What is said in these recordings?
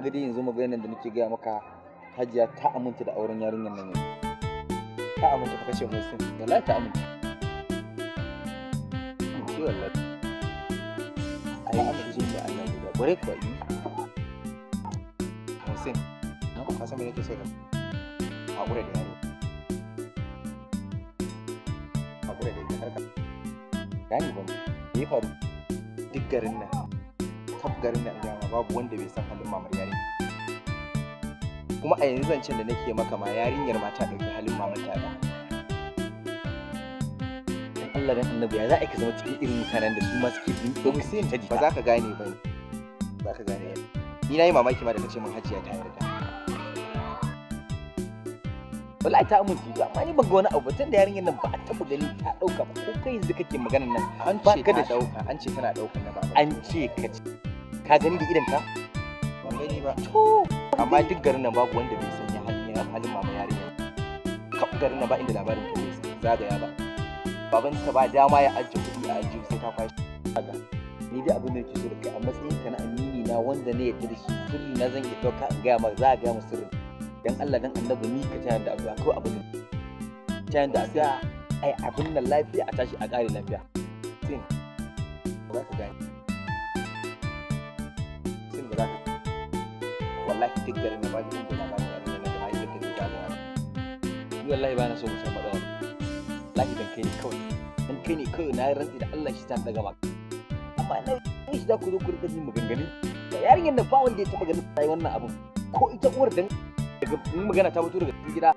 kaga yanzu yanzu maganar da nake gaya maka hajiya ta aminta da auren yarinyar nan yanzu ta aminta ka kashe musu wallahi ta aminta shi wallahi ai aka ce da ya guda bare kuwa yi Hussein na ka san me yake so da hakura da yaro hakura da ni harka ni. ba me faru duk garin nan top garin nan gama babu wanda bai san halin mamar yarinya kuma a yanzu zancen da nake maka ma yarinyar ma ta ɗauki halin mamar ta da Allah dan annabi ya za a ki zama cikin irin mutanen da su ma suke bin domin sai ta jita ba za ka gane ba ba ka gane ni na yi mamaki ma da kace mun hajiya ta yarda wallahi ta amince to amma ni ban ga wani abu tun da yarinyar nan ba a taba gani ta dauka ba ko kai yanzu kake maganar nan an ce ka da dauka an ce tana dauka na ba an ce ka ce ka gani da idan ka ban gani ba to amma duk garin nan babu wanda bai sanya halin yana halin mama yarinya kaf garin nan ba inda labarin ta bai zagaya ba baban ta ba dama ya ajiye kuɗi a ajiye sai ta fashi. Haka. ni dai abin da yake so da kai a matsayin ka na amini na wanda ne yadda da shi sirri na zan iya ɗauka in gaya maka za a gaya maka sirrin dan Allah dan annabi ni ka tayar da addu'a kawai abin tayar da addu'a ai abin nan lafiya a tashi a ƙare lafiya Sai. ba ka gani. wallahi duk garin ba ni inda labarin ya nuna da mai yadda ni damuwa ni wallahi ba na so mu san matsala wallahi dan kai ne kawai dan kai ne kawai na rantsi da Allah shi ta daga ba amma na ne shi da ku zo ku rika jin maganganu da yarinyar da ba wanda ya taba ganin sai wannan abin ko ita uwar dan daga magana ta fito daga cikin gida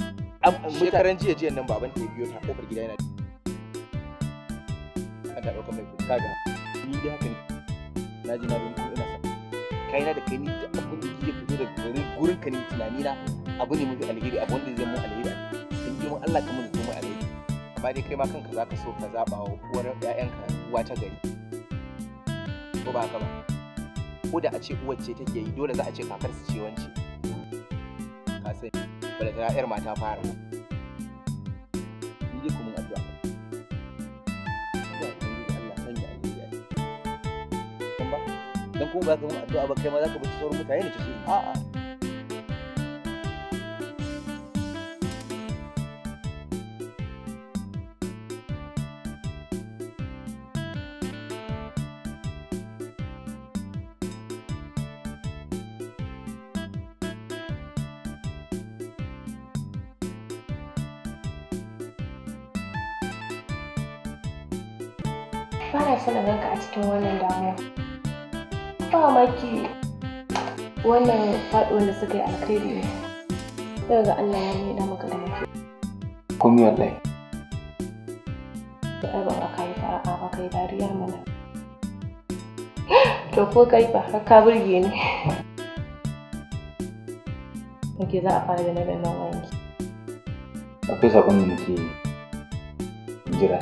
shekaran jiya jiya nan baban ta biyo ta ne na na na fito da gurin ka ne tunani na abu ne mafi alheri abu wanda zai mun alheri a cikin girman Allah ka mun zuma alheri amma dai kai ma kanka za ka so ka zaba wa uwar yayanka uwa ta gari ko ba haka ba ko da a ce uwar ce take yi dole za a ce kakar su ce wance ka sani bala ta 'yar mata fara ba. don kuma ba ka zama addu'a ba kai ma za ka bi sauran mutane da cikin a'a wanda suka yi alkhairi ne daga ga Allah ya da maka da mafi wallahi da kai ko ka burge ni Oke za a fara da na nan wanki. Akwai sabon da jira.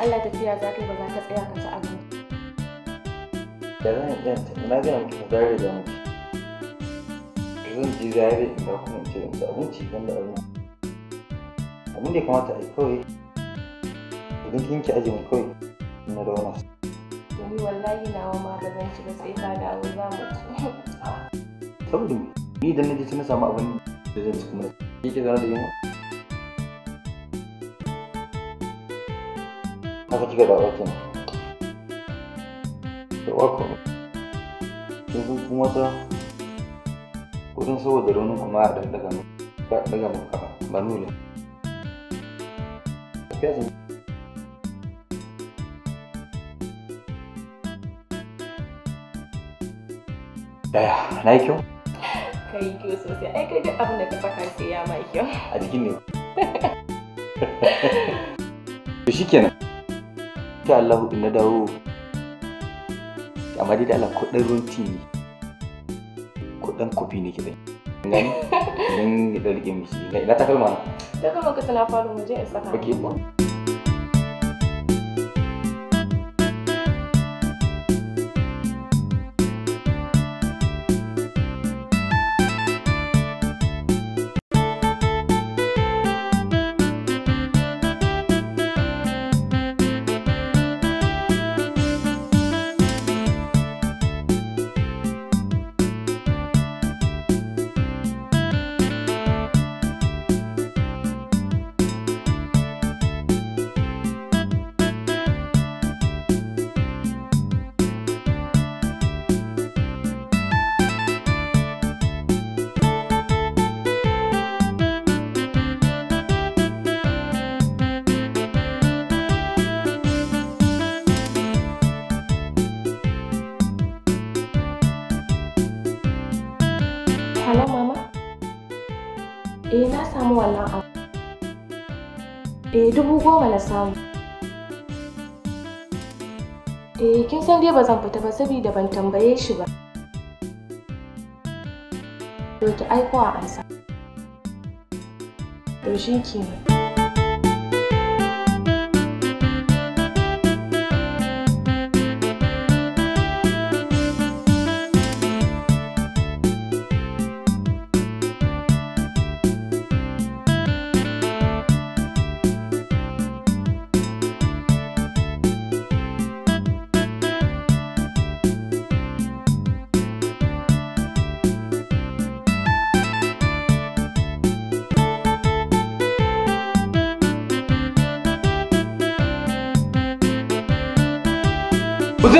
Allah tafiya za ka yi ba za ka tsaya ka ci abinci. Da zan iya na gina mutum zare da mutum. Zan ji zare da kuma in ce da abinci don da abin. Abin da ya kamata a yi kawai idan kin ki aji mu kawai na da wani. Ni wallahi nawa ma ba zan ci ba sai ka dawo za mu ci. Saboda ni idan na je na samu abin da zan ci kuma. Ki ke zara da yunwa. Haka kika da wata da wako kin kun kuma ta kudin saboda raunin kuma a ɗan daga manule Thank you. Daya, na yi kyau? Ka yi kyau sosai, ai kai duk abin da ka saka sai ya ma kyau. A jikin ne. insha Allah na dawo amma dai da Allah kudin kudin kofi ne kidan gani idan ya dalge mishi na takalma na ka tana faru mu je in saka okay Eh dubu goma na samu. Eh kin san dai ba zan fita ba saboda ban tambaye shi ba. To ki aiko a ansa. To shi kenan.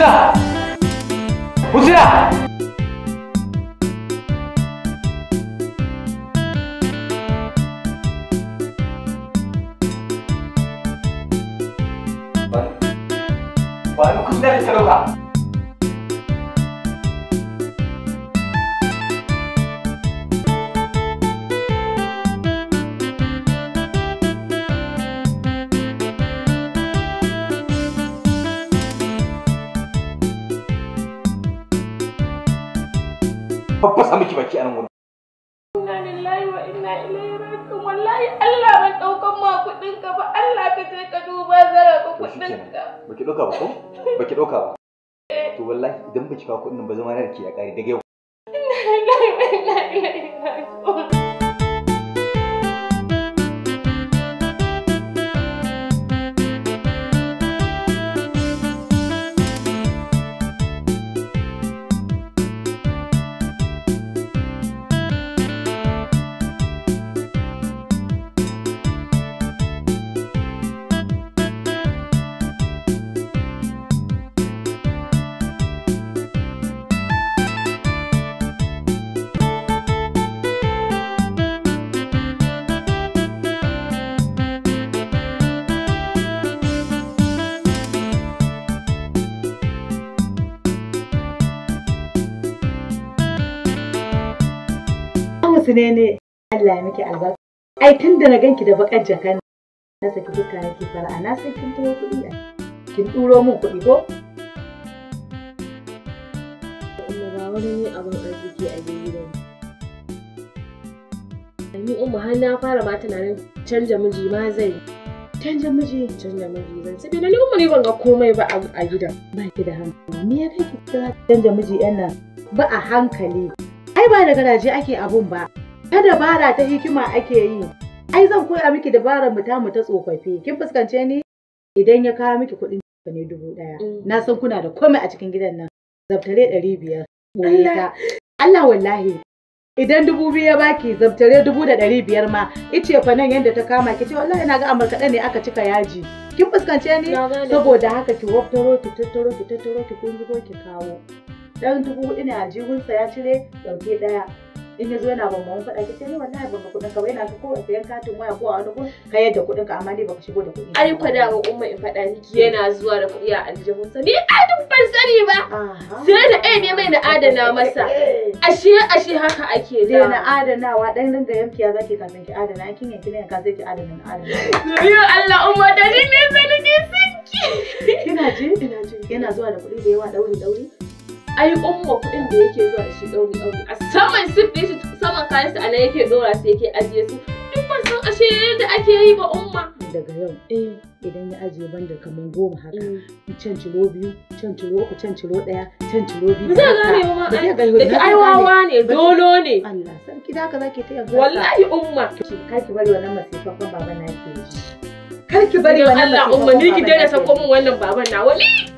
보세요! 보세요! Inna lillahi wa inna ilaihi raji'un wallahi Allah ban daukan ma kudin ka ba Allah ka je ka duba zara ka kudin ka baki dauka ba ko baki dauka ba eh. to wallahi idan baki kawo kudin ba zama na da ke ya kare daga yau Inna lillahi wa inna ilaihi raji'un musu ne ne Allah ya miki albarka ai tun da na ganki da bakar jakan na saki duka nake fara'a na sai kin turo kuɗi a kin turo min kuɗi ko amma ba wani ne abin arziki a gidan ni umma har na fara ma tunanin canja miji ma zai canja miji canja miji zan sai na umma ne ban ga komai ba a gidan ba ki da hankali me ya kai ki canja miji yana ba a hankali ba da garaje ake abun ba ta dabara ta hikima ake yi ai zan koya miki dabarar mu tamu ta tsofaffi kin fuskance ni idan ya kawo miki kuɗin ne dubu ɗaya mm. na san kuna da komai a cikin gidan nan zabtare ɗari biyar Allah wallahi idan dubu biyu ya baki zabtare dubu da ɗari biyar ma ice fa nan yadda ta kama ki ce wallahi na ga amurka ne aka cika yaji kin fuskance ni saboda haka ki waftaro ki tattaro ki tattaro ki kungigo ki kawo dan dubu hudu ne a jihunsa ya cire dauke daya in ya zo yana ban mu faɗa kace ne wallahi ban ga kuɗin ka yana ka ko a sayan katin waya ko a wani ko ka yadda kuɗin ka amma dai baka shigo da kuɗi ai kwada da umma in faɗa miki yana zuwa da kuɗi a aljihunsa ni duk ban sani ba sai da ai ne mai na adana masa ashe ashe haka ake da na adanawa dan nan yankiya zaki kafin ki adana kin yanki ne ka sai ki adana na adana yo Allah umma da ni ne sai nake sinki kina ji kina ji yana zuwa da kuɗi da yawa dauri dauri ai umma kuɗin da yake zuwa da shi ɗauri ɗauri a saman sif ɗin shi saman kayan a nan yake ɗora sai yake ajiye su duk ban san ashe yadda ake yi ba umma daga yau eh. idan ya ajiye banda kamar goma haka mm. can ciro biyu can ciro uku can ciro ɗaya can ciro biyu ba zai gane ba ma da ai wawa ne dolo ne Allah sarki da haka zaki ta yanzu wallahi umma ki kaki bari wannan masifan baba na ke kar ki bari wannan Allah umma ni ki daina sako min wannan baban na wali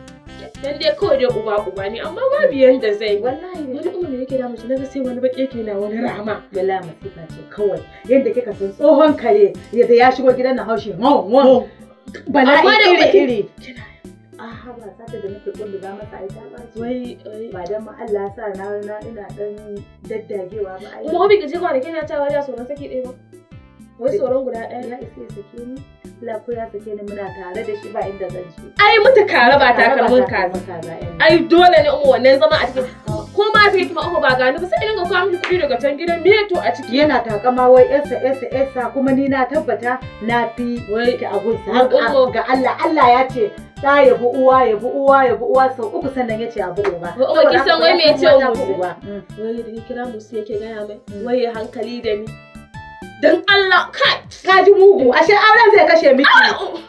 dan dai kawai dai uba uba ne amma babu yanda zai wallahi wani kuma me yake damu na ga sai wani baki yake na wani rama yalla masifa ce kawai yanda kika san tsohon kare yadda ya shigo gidan na haushi mo mo bala'i iri iri aha ba ta da nake kullu za masa ai ta baci wai ba dan ma Allah sa na ina dan daddagewa ba ai kuma hobi kaje kwanaki na cewa ya so na saki ɗaya ba wai tsoron guda ɗaya ya isa ya sake ni la ko ya sake ni muna tare da shi ba inda zan ci ai mutu kare ba ta takalmin kaza eh. ai dole ne umu wannan zama a cikin ko ma sai kuma umu ba gani ba sai dinga kawo miki kuɗi daga can gidan me to a ciki yana takama wai esa esa esa kuma ni na tabbata na fi wai ki agunsa ga Allah Allah ya ce ta yabi uwa yabi uwa yabi uwa sau uku sannan ya ce abu uba. Uba kisan wai me ce uba. Wai mm. da kira musu yake gaya mai mm. wai hankali da ni. Don Allah, kai, ka ji mugu, ashe auren zai kashe miki.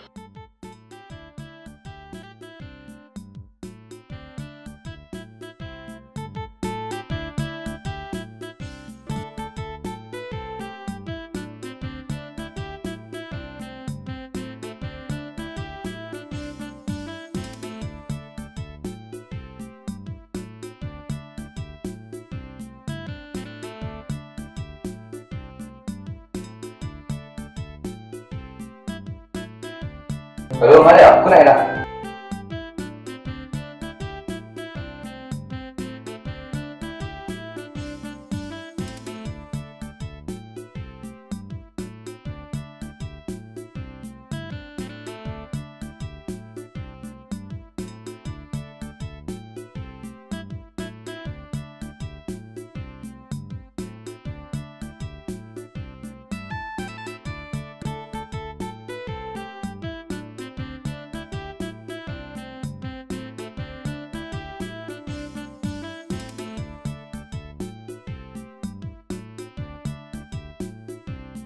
ừ nó đẹp cái này là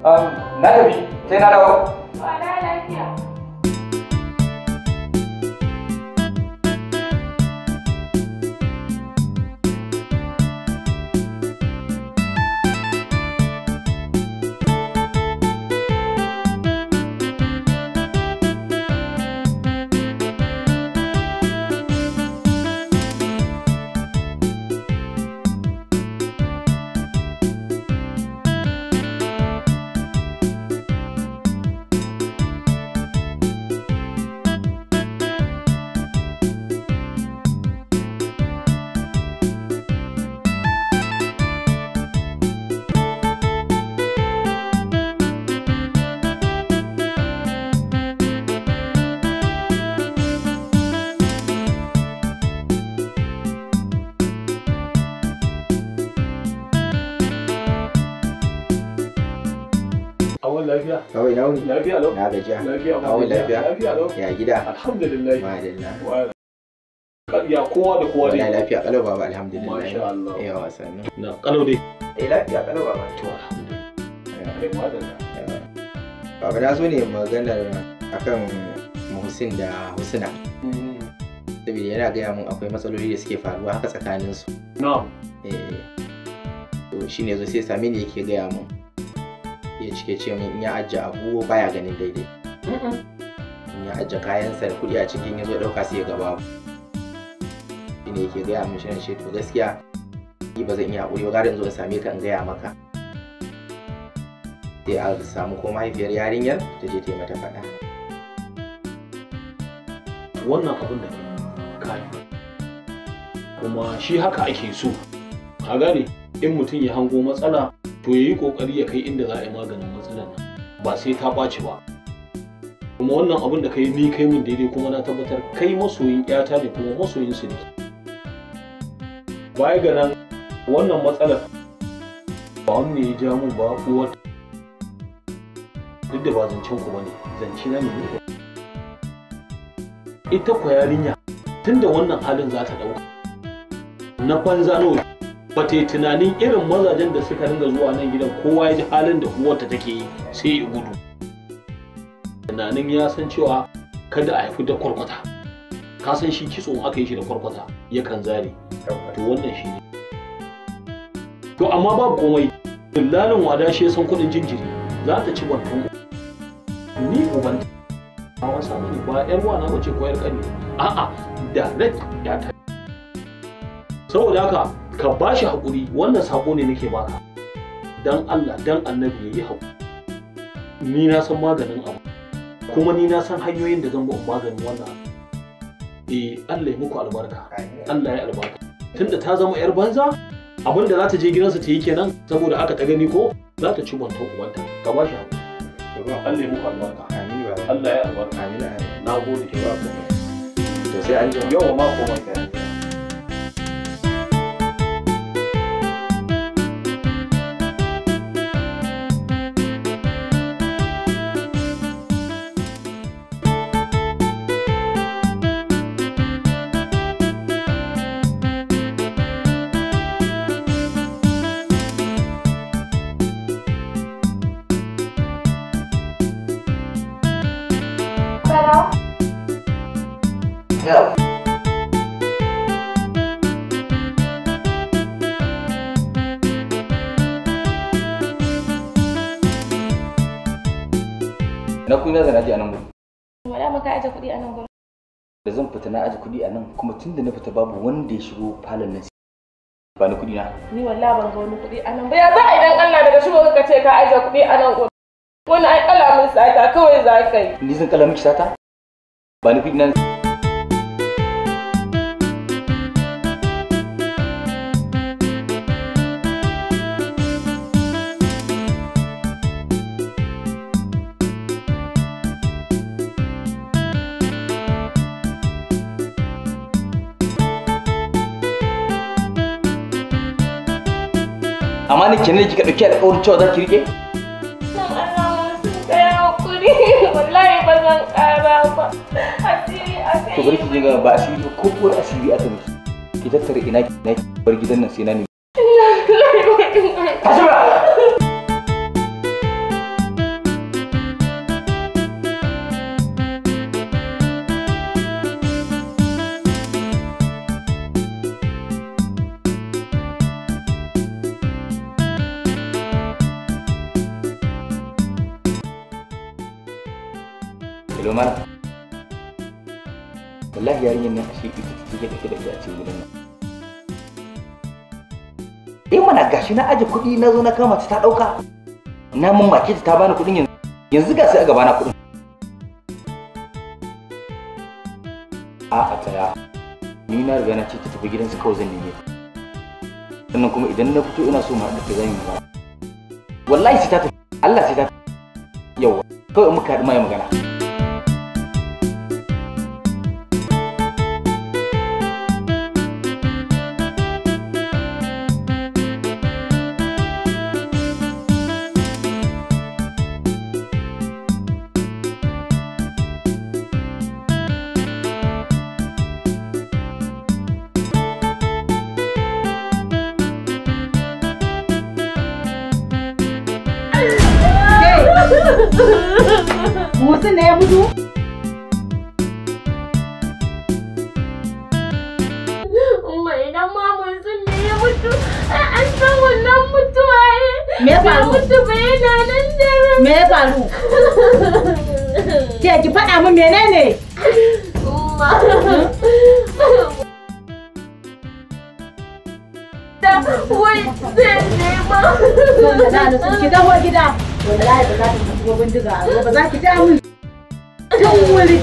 Um, na tafi sai na dawo wuni lafiya lau na gajiya kawo lafiya ya gida alhamdulillah madalla ya kowa da kowa dai lafiya kalau baba alhamdulillah masha Allah yawa sannan na kalau dai eh lafiya kalau baba to alhamdulillah baba na so ne maganar akan Muhsin da Husna mm-hmm. saboda yana gaya mun akwai matsaloli da suke faruwa haka tsakaninsu. No. Eh. To shi ne zo sai sami ne yake gaya mun. cike ce min in ya ajiye abu baya ganin daidai in ya ajiye kayansa da kuɗi a cikin ya zo ɗauka sai ya gaba shi ne yake gaya min shirin to gaskiya ni ba zan iya haƙuri ba gara in zo in same ka in gaya maka sai a samu ko mahaifiyar yarinyar ta je ta yi mata faɗa wannan abin da kayi kuma shi haka ake so ka gane in mutum ya hango matsala to yi kokari ya kai inda za a yi maganin matsalar ba sai ta ɓaci ba kuma wannan abin da kai ni kai min daidai kuma na tabbatar kai masoyin ƴata ne kuma masoyin su ne baya ga nan wannan matsalar ba wani ne ya ja min ba kuwa duk da ba zancen ku bane zance na ne ita kwa yarinya tunda wannan halin za ta ɗauka na banza nawa ba ta yi tunanin irin mazajen da suka ringa zuwa nan gidan kowa ya ji halin da uwarta take yi sai ya gudu tunanin ya san cewa kada a haifi da kwarkwata ka san shi kitso aka yi shi da kwarkwata yakan zare to wannan shi ne to amma babu komai dillalin wada shi ya san kuɗin jinjiri za ta ci bankan ni ubanta a wasa mani ba yar wana ba ce ko yar ƙarni a'a direct ya ta saboda haka ka ba shi haƙuri wannan saƙo ne nake baka dan Allah dan annabi ya yi haƙuri ni na san maganin abu kuma ni na san hanyoyin da zan ba maganin wannan eh Allah ya muku albarka Allah ya albarka tunda ta zama yar banza abin da za ta je gidansa ta yi kenan saboda haka ta gani ko za ta ci wanta uwanta ka ba shi haƙuri Allah ya muku albarka Allah ya albarka na gode da sai an ji yawa ma komai aje kuɗi a nan gurin? Da zan fita na aje kuɗi a nan kuma tun da na fita babu wanda ya shigo falon nan ba ni kuɗi na. Ni wallahi ban ga wani kuɗi a nan ba ya za a idan Allah daga shigo ka ce ka aje kuɗi a nan gurin. Wani ai kala min sata kawai za ka yi. Ni zan kala miki sata? Ba ni kuɗi na. kene ne kika dauki alƙawarin cewa za ki rike wallahi ba ba asiri asiri to bari ki je ba asiri ba ko kuwa asiri aka miki ki tattara ina ki bar gidan nan sai na ne Tashi ba! kamar wallahi yarinyar nan ashe ita ce take da ke a cikin gidan nan eh mana gashi na aje kuɗi na zo na kama ta ta ɗauka na mun make ta bani kuɗin yanzu yanzu ga sai a gaba na kuɗin a a tsaya ni na riga na ce ta tafi gidansu kawai zan neme sannan kuma idan na fito ina so mu haɗa ta zan yi wallahi sai ta tafi Allah sai ta tafi yawa kawai muka haɗu mai magana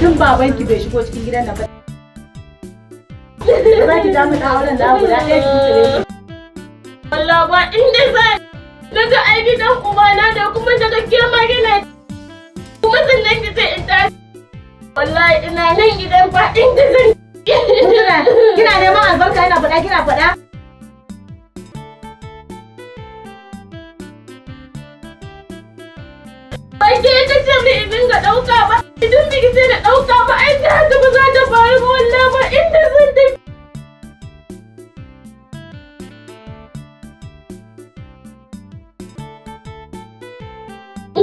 tun babanki bai shigo cikin gidan nan ba za ki damu da auren da abu da ɗaya ki tsire wallah ba inda za daga ai gidan ubana da kuma daga ke magana kuma sannan ki ce in tashi wallahi ina nan gidan ba inda zan kina neman albarka yana faɗa kina faɗa ba ke ta ce ni in dinga ɗauka ba idan biki ce da ɗauka ba ai ta haka ba za ta faru ba wallahi ba inda zan tafi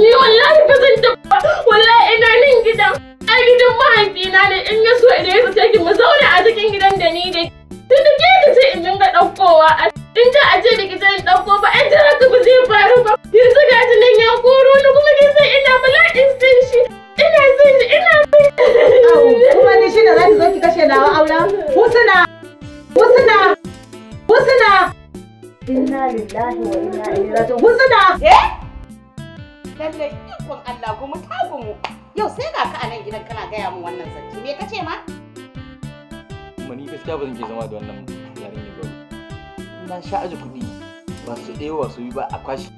Ni wallahi ba zan ba wallahi ina nan gidan a gidan mahaifina ne in ya so idan ya fita ki mu zauna a cikin gidan da ni da tun da ke ce in dinga ɗaukowa in ta aje da gidan ba ai ta haka ba zai faru ba yanzu ga lillahi wa inna ilaihi raji'un husna eh Lallai, ikon Allah gumu ta gumu yau sai ga ka a nan gidan kana gaya mu wannan zance me kace ma mani gaskiya ba zan ke zama da wannan yarinya ba na sha aji kuɗi ba su ɗaya ba su yi ba a kwashi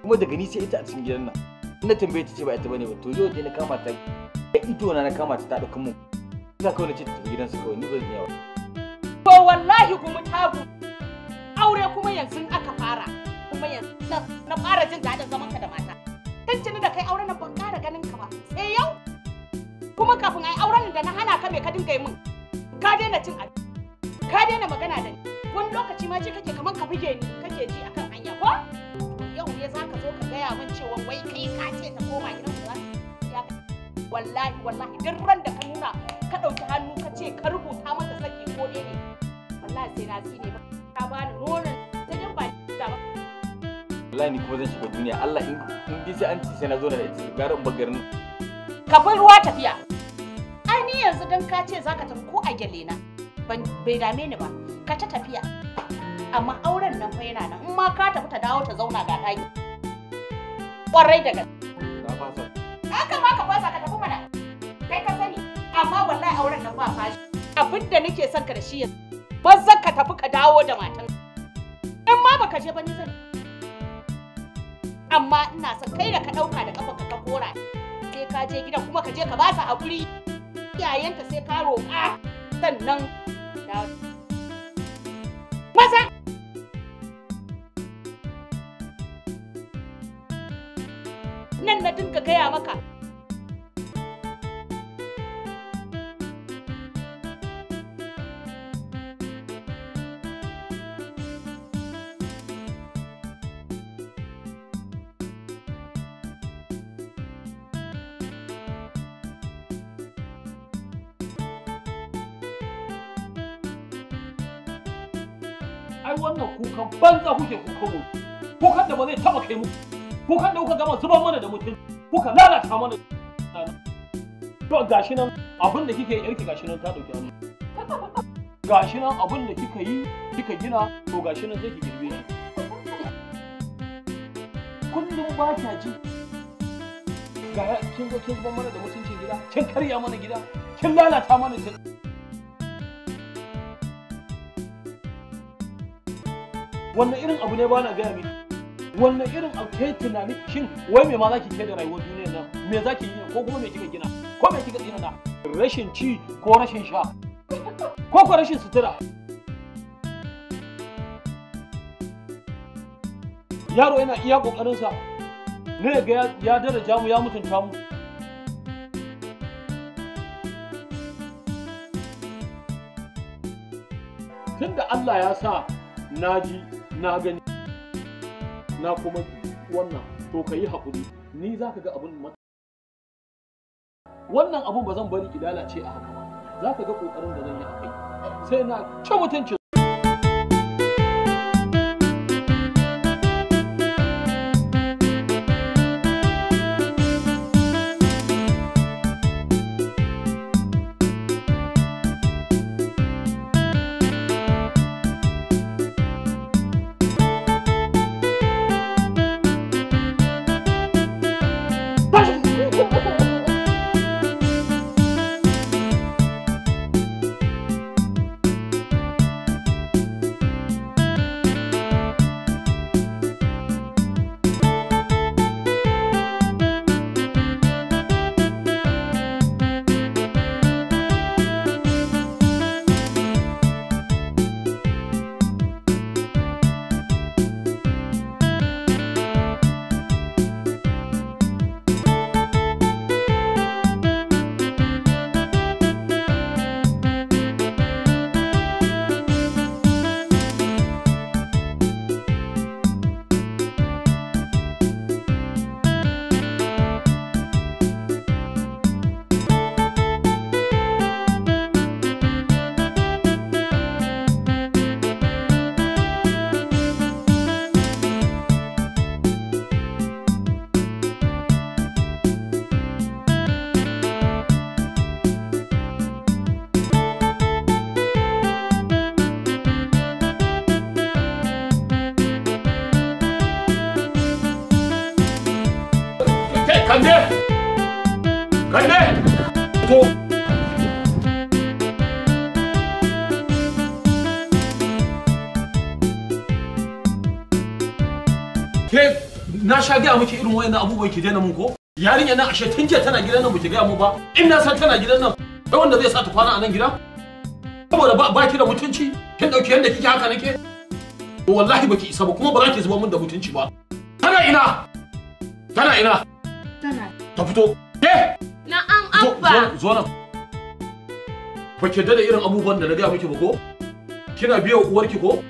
kuma daga ni sai ita a cikin gidan nan Ina tambaye ta ce ba ita bane ba to yau dai na kama ta da ido na na kama ta ta ɗauki mu ina kawai na ce ta tafi gidansu kawai ni ba zan yawa Ko wallahi gumu ta gumu aure kuma yanzu aka fara kuma yanzu na fara jin daɗin zaman ka da mata tantana da kai auren nan ban ƙara ganin ka ba sai eh yau kuma kafin ai auren da na hana ka me ka dinga yi min ka daina cin abinci ka daina magana da ni wani lokaci ma je kake kamar ka buge ni kake ji akan hanya ko yau ne za ka zo ka gaya min cewa wai kai ka ce ta koma gidan ku wallahi wallahi duk ran da ka nuna ka ɗauki hannu ka ce ka rubuta mata saki ko ne wallahi sai na tsine ba ta bani nonon ta dan ba ta ba wallahi ni kuma zan shiga duniya Allah in in sai an ci sai na zo da ita gara in ba ka bar ruwa tafiya ai ni yanzu dan ka ce zaka tafi ko a gyalle na bai dame ni ba ka ta tafiya amma auren nan fa yana nan in ma ka tafi ta dawo ta zauna ga ɗaki kwarai da gaske na fasa ka fasa ka tafi mana kai ka sani amma wallahi auren nan ba fashi abin da nake son ka da shi yanzu bazza ka tafi ka dawo da matan in ma baka je ba ni zan amma ina son kai da ka ɗauka da kafa ka kora sai ka je gidan kuma ka je ka ba su hakuri iyayenta sai ka roƙa sannan maza nan na dinga gaya maka banza kuke kuka mu kan da ba zai taba kai ko kan da kuka gama zuba mana da mutum kuka lalata mana to gashi nan abin da kike yarki gashi nan ta dauki hannu gashi nan abin da kika yi kika gina to gashi nan zai ki girbe shi kullum ba ta ji ga kin ga kin zuban mana da mutunci gida kin karya mana gida kin lalata mana gida. wannan irin abu ne ba na gaya miki wannan irin abu kai tunani shin wai me ma zaki ke da rayuwar duniyar nan me zaki yi ko kuma me kika gina ko me kika na? rashin ci ko rashin sha ko ko rashin sutura yaro yana iya sa ne ga ya daraja mu ya mutunta mu tunda Allah ya sa naji na gani na kuma wannan to ka yi haƙuri ni za ka ga abin mata wannan abin ba zan bari ki lalace a haka ba za ka ga ƙoƙarin da zan yi a kai sai na ci mutuncin Ke na sha gaya miki irin wayannan abubuwan ki daina mun ko? Yarinya nan ashe tun jiya tana gidan nan baki gaya mu ba. In na san tana gidan nan, ai wanda zai sa ta kwana a nan gida? Saboda ba baki da mutunci, kin dauki yanda kike haka nake? Wallahi baki isa ba kuma ba za ki zuba mun da mutunci ba. Tana ina? Tana ina? Tana. Ta fito. Ke? Na'am abba. Zo nan. Ba ki da irin abubuwan da na gaya miki ba ko? Kina biya uwarki ko?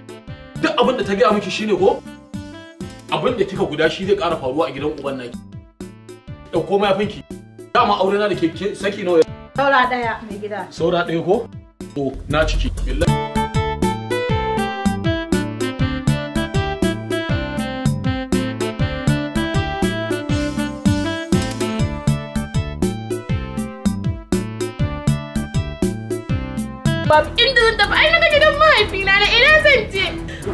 Duk abin da ta gaya miki shine ko? abin da kika guda shi zai ƙara faruwa a gidan uban naki ɗauko mayafinki dama aure na da ke saki nawa saura ɗaya mai gida saura ɗaya ko to na ciki billahi babu inda zan tafi ai na gidan mahaifina na ina zan je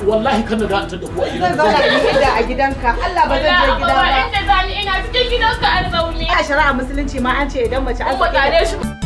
wallahi kan da ta da kuwa zan zauna gida a gidanka Allah ba zan je gidan ba inda zani ina cikin gidanka an zaune a shari'a musulunci ma an ce idan mace an zaune